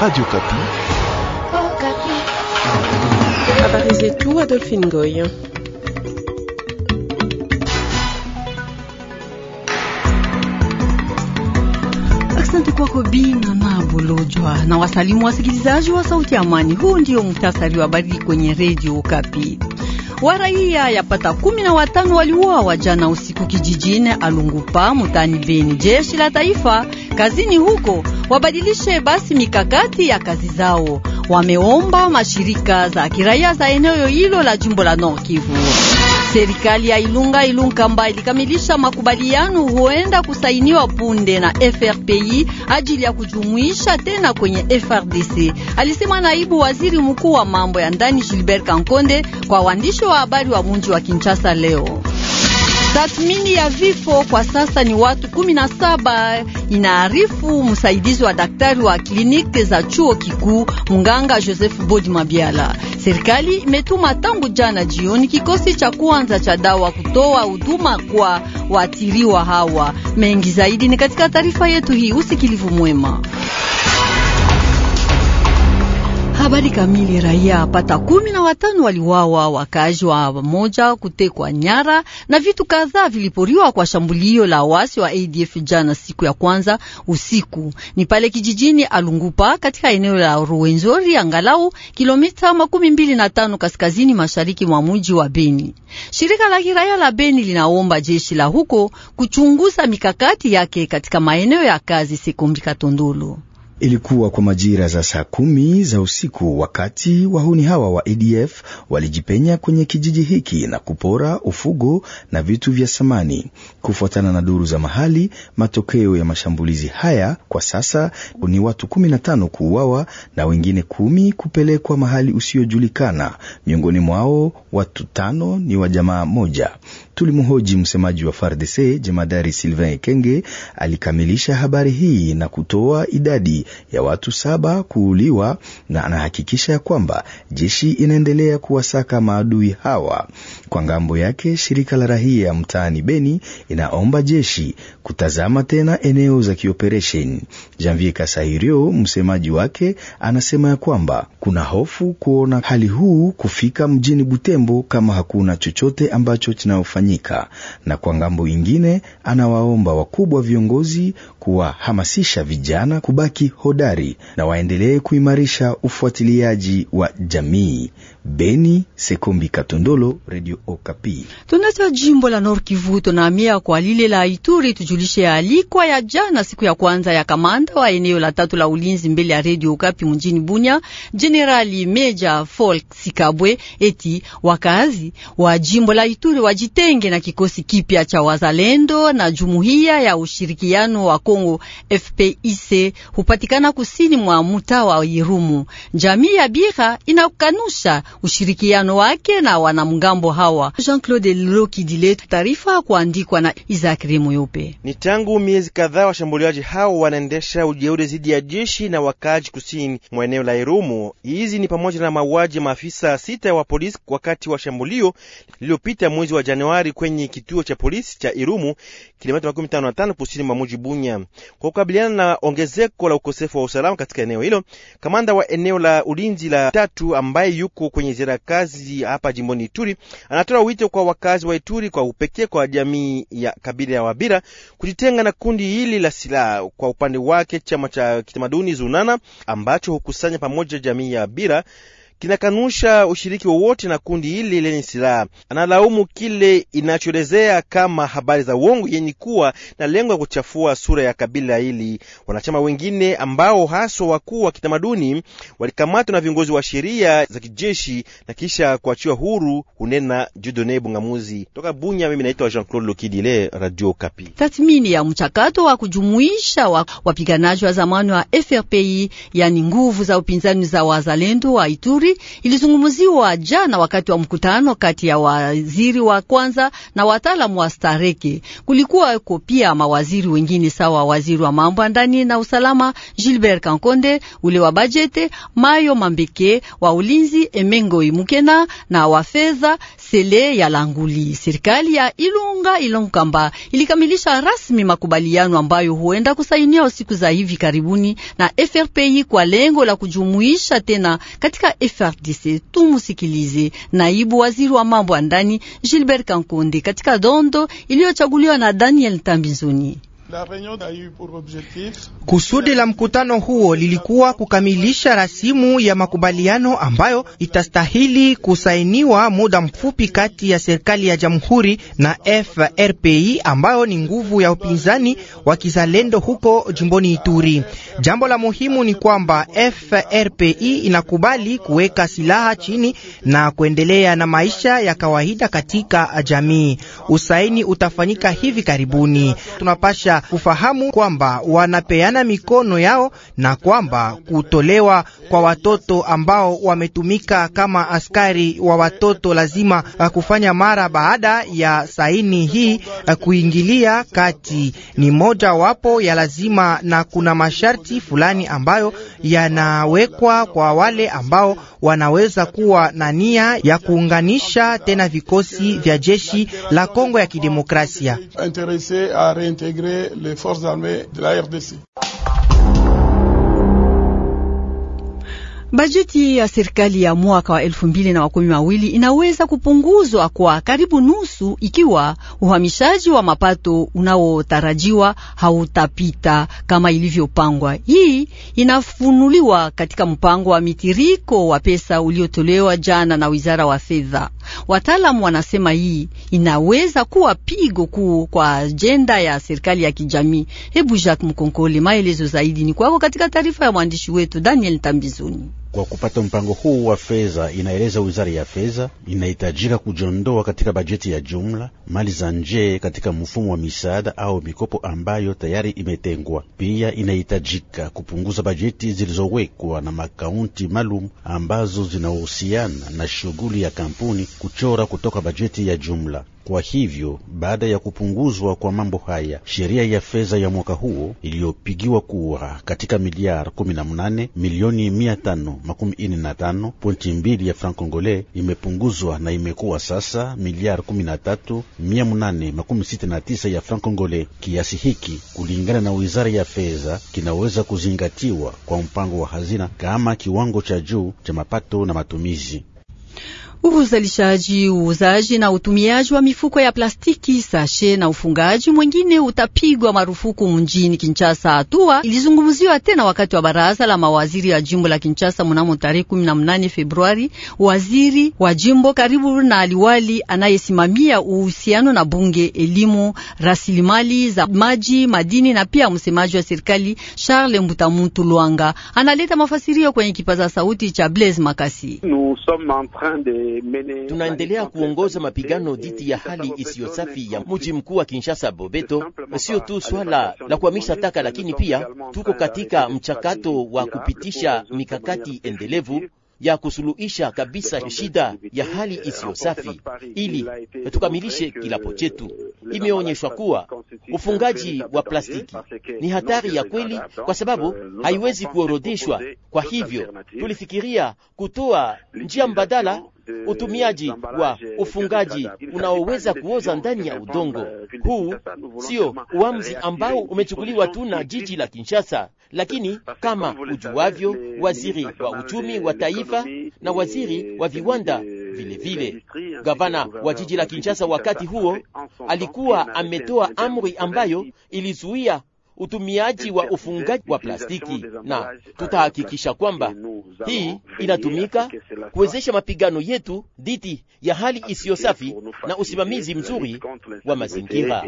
Radio Kapi. Habari zetu, Adolphine Goy. Asante kwako Bi Mama Bolojwa, na wasalimu wasikilizaji wa Sauti ya Amani. Huu ndio muhtasari wa habari kwenye Radio Kapi. Waraia yapata kumi na watano waliuawa jana usiku kijijini Alungupa mutani Beni. Jeshi la taifa kazini huko wabadilishe basi mikakati ya kazi zao. Wameomba mashirika za kiraia za eneo hilo la jimbo la Nord Kivu. Serikali ya Ilunga Ilunkamba ilikamilisha makubaliano huenda kusainiwa punde na FRPI ajili ya kujumuisha tena kwenye FRDC, alisema naibu waziri mkuu wa mambo ya ndani Gilbert Kankonde kwa waandishi wa habari wa mji wa Kinshasa leo. Tathmini ya vifo kwa sasa ni watu 17, inaarifu msaidizi wa daktari wa kliniki za chuo kikuu munganga Joseph Bodi Mabiala. Serikali imetuma tangu jana jioni kikosi cha kwanza cha dawa kutoa huduma kwa waathiriwa hawa. Mengi zaidi ni katika taarifa yetu hii. Usikilivu mwema. Habari kamili. Raia apata kumi na watano waliwawa, wakazi wa moja kutekwa nyara na vitu kadhaa viliporiwa kwa shambulio la wasi wa ADF jana siku ya kwanza usiku, ni pale kijijini Alungupa katika eneo la Ruwenzori, angalau kilomita makumi mbili na tano kaskazini mashariki mwa muji wa Beni. Shirika la kiraia la Beni linaomba jeshi la huko kuchunguza mikakati yake katika maeneo ya kazi Sekombi Katondolo. Ilikuwa kwa majira za saa kumi za usiku, wakati wahuni hawa wa ADF walijipenya kwenye kijiji hiki na kupora ufugo na vitu vya samani. Kufuatana na duru za mahali, matokeo ya mashambulizi haya kwa sasa ni watu 15 kuuawa na wengine kumi kupelekwa mahali usiojulikana. Miongoni mwao watu tano ni wa jamaa moja. Tulimhoji msemaji wa FARDC jemadari Sylvain Ekenge, alikamilisha habari hii na kutoa idadi ya watu saba kuuliwa, na anahakikisha ya kwamba jeshi inaendelea kuwasaka maadui hawa. Kwa ngambo yake, shirika la rahia mtaani Beni inaomba jeshi kutazama tena eneo za kioperesheni. Janvier Kasahirio, msemaji wake, anasema ya kwamba kuna hofu kuona hali huu kufika mjini Butembo kama hakuna chochote ambacho kinayofanyika, na kwa ngambo ingine anawaomba wakubwa viongozi kuwahamasisha vijana kubaki hodari na waendelee kuimarisha ufuatiliaji wa jamii. Beni, Sekombi Katondolo, Radio Okapi. Tunacha jimbo la Nord Kivu tunahamia kwa lile la Ituri tujulishe alikwa ya jana siku ya kwanza ya kamanda wa eneo la tatu la ulinzi mbele ya redio Okapi mjini Bunya, Generali Meja Folk Sikabwe eti wakazi wa jimbo la Ituri wajitenge na kikosi kipya cha wazalendo na jumuiya ya ushirikiano wa Kongo FPIC hupatikana kusini mwa mtaa wa Irumu. Jamii ya biha inakanusha ushirikiano wake na wanamgambo hawa. Jean Claude Loki Dile, taarifa kuandikwa na na Isaac Mweupe. Ni tangu miezi kadhaa washambuliaji hao wanaendesha ujeuri dhidi ya jeshi na wakaaji kusini mwa eneo la Irumu. Hizi ni pamoja na mauaji ya maafisa sita wa polisi wakati wa shambulio lililopita mwezi wa Januari kwenye kituo cha polisi cha Irumu, kilomita makumi tano na tano kusini mwa mji Bunya. Kwa kukabiliana na ongezeko la ukosefu wa usalama katika eneo hilo, kamanda wa eneo la ulinzi la tatu ambaye yuko kwenye ziara kazi hapa jimboni Ituri anatoa wito kwa wakazi wa Ituri kwa upekee kwa jamii ya kabila ya Wabira kujitenga na kundi hili la silaha. Kwa upande wake, chama cha kitamaduni Zunana ambacho hukusanya pamoja jamii ya Wabira kinakanusha ushiriki wowote na kundi hili lenye silaha. Analaumu kile inachoelezea kama habari za uongo yenye kuwa na lengo ya kuchafua sura ya kabila hili. Wanachama wengine ambao haswa wakuu wa kitamaduni walikamatwa na viongozi wa sheria za kijeshi na kisha kuachiwa huru, hunena Judone Bungamuzi toka Bunya. Mimi naitwa Jean Claude Lokidile, Radio Kapi. Tathmini ya mchakato wa kujumuisha wa wapiganaji wa zamani wa FRPI, yani nguvu za upinzani za wazalendo wa Ituri hili ilizungumziwa jana wakati wa mkutano kati ya waziri wa kwanza na wataalamu wa stareke. Kulikuwa Kulikuwako pia mawaziri wengine sawa waziri wa mambo ya ndani na usalama Gilbert Kankonde, ule wa bajete Mayo Mambeke, wa ulinzi Emengo Imukena na wa fedha Sele ya Languli. Serikali ya Ilunga Ilonkamba ilikamilisha rasmi makubaliano ambayo huenda kusainiwa siku za hivi karibuni na FRPI kwa lengo la kujumuisha tena katika FRPI FARDC tumusikilize naibu waziri wa mambo ya ndani Gilbert Kankonde katika dondo iliyochaguliwa na Daniel Tambizuni. Kusudi la mkutano huo lilikuwa kukamilisha rasimu ya makubaliano ambayo itastahili kusainiwa muda mfupi kati ya serikali ya jamhuri na FRPI ambayo ni nguvu ya upinzani wa kizalendo huko jimboni Ituri. Jambo la muhimu ni kwamba FRPI inakubali kuweka silaha chini na kuendelea na maisha ya kawaida katika jamii. Usaini utafanyika hivi karibuni. Tunapasha kufahamu kwamba wanapeana mikono yao na kwamba kutolewa kwa watoto ambao wametumika kama askari wa watoto lazima uh, kufanya mara baada ya saini hii uh, kuingilia kati ni moja wapo ya lazima, na kuna masharti fulani ambayo yanawekwa kwa wale ambao wanaweza kuwa na nia ya kuunganisha tena vikosi vya jeshi la Kongo ya Kidemokrasia. Bajeti ya serikali ya mwaka wa elfu mbili na makumi mawili inaweza kupunguzwa kwa karibu nusu ikiwa uhamishaji wa mapato unaotarajiwa hautapita kama ilivyopangwa. Hii inafunuliwa katika mpango wa mitiriko wa pesa uliotolewa jana na wizara wa fedha. Wataalamu wanasema hii inaweza kuwa pigo kuu kwa ajenda ya serikali ya kijamii. Hebu Jacques Mkonkole, maelezo zaidi ni kwako katika taarifa ya mwandishi wetu Daniel Tambizuni. Kwa kupata mpango huu wa fedha, inaeleza wizara ya fedha, inahitajika kujiondoa katika bajeti ya jumla mali za nje katika mfumo wa misaada au mikopo ambayo tayari imetengwa. Pia inahitajika kupunguza bajeti zilizowekwa na makaunti maalum ambazo zinahusiana na shughuli ya kampuni kuchora kutoka bajeti ya jumla. Kwa hivyo baada ya kupunguzwa kwa mambo haya, sheria ya fedha ya mwaka huo iliyopigiwa kura katika miliari 18 milioni 545.2 ya franc congolais imepunguzwa na imekuwa sasa miliari 13 869 ya franc congolais. Kiasi hiki kulingana na wizara ya fedha kinaweza kuzingatiwa kwa mpango wa hazina kama kiwango cha juu cha mapato na matumizi. Uzalishaji, uuzaji na utumiaji wa mifuko ya plastiki sashe na ufungaji mwingine utapigwa marufuku mjini Kinshasa. Hatua ilizungumziwa tena wakati wa baraza la mawaziri ya jimbo la Kinshasa mnamo tarehe 18 Februari. Waziri wa jimbo karibu na aliwali anayesimamia uhusiano na bunge, elimu, rasilimali za maji, madini na pia msemaji wa serikali Charles mbutamutu Lwanga analeta mafasirio kwenye kipaza sauti cha Blaise Makasi. Nous sommes en train de Tunaendelea kuongoza mapigano dhidi ya hali isiyo safi ya mji mkuu wa Kinshasa Bobeto. Sio tu swala la kuhamisha taka, lakini pia tuko katika mchakato wa kupitisha mikakati endelevu ya kusuluhisha kabisa shida ya hali isiyo safi ili tukamilishe kilapo chetu. Imeonyeshwa kuwa ufungaji wa plastiki ni hatari ya kweli, kwa sababu haiwezi kuorodheshwa. Kwa hivyo tulifikiria kutoa njia mbadala Eh, utumiaji wa ufungaji unaoweza kuoza ndani ya udongo huu. Sio uamuzi ambao umechukuliwa tu na jiji la Kinshasa, lakini kama ujuavyo, waziri wa uchumi eh, wa taifa na eh, waziri wa viwanda vilevile vile. Gavana wa jiji la Kinshasa wakati huo alikuwa ametoa amri ambayo ilizuia utumiaji wa ufungaji wa plastiki, na tutahakikisha kwamba hii inatumika kuwezesha mapigano yetu dhidi ya hali isiyo safi na usimamizi mzuri wa mazingira.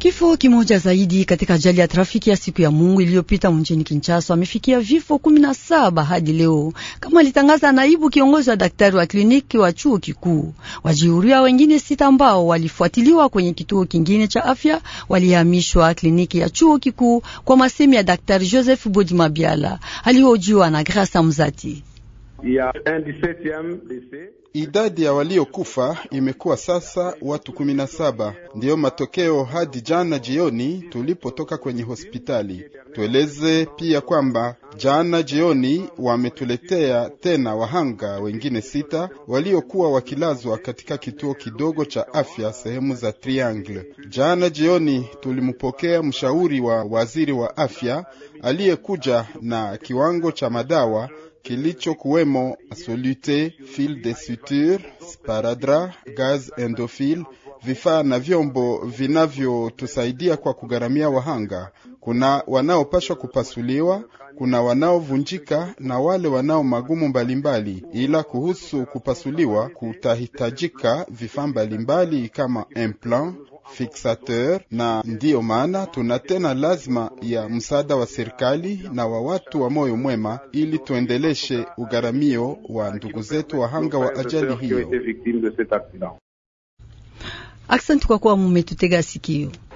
Kifo kimoja zaidi katika ajali ya trafiki ya siku ya Mungu iliyopita mjini Kinshasa amefikia vifo kumi na saba hadi leo, kama alitangaza naibu kiongozi wa daktari wa kliniki wa chuo kikuu. Wajiuria wengine sita ambao walifuatiliwa kwenye kituo kingine cha afya walihamishwa kliniki ya chuo kikuu, kwa masemi ya daktari Joseph Bodi Mabiala alihojiwa na Grasa Mzati ya idadi ya waliokufa imekuwa sasa watu kumi na saba. Ndiyo matokeo hadi jana jioni tulipotoka kwenye hospitali. Tueleze pia kwamba jana jioni wametuletea tena wahanga wengine sita waliokuwa wakilazwa katika kituo kidogo cha afya sehemu za Triangle. Jana jioni tulimpokea mshauri wa waziri wa afya aliyekuja na kiwango cha madawa kilichokuwemo solute, fil de suture, sparadra, gaz endofil, vifaa na vyombo vinavyotusaidia kwa kugharamia wahanga. Kuna wanaopashwa kupasuliwa, kuna wanaovunjika na wale wanao magumu mbalimbali. Ila kuhusu kupasuliwa, kutahitajika vifaa mbalimbali kama implant fiksateur, na ndiyo maana tuna tena lazima ya msaada wa serikali na wa watu wa moyo mwema, ili tuendeleshe ugharamio wa ndugu zetu wahanga wa ajali hiyo. aksanti kwa kuwa mumetutega sikio.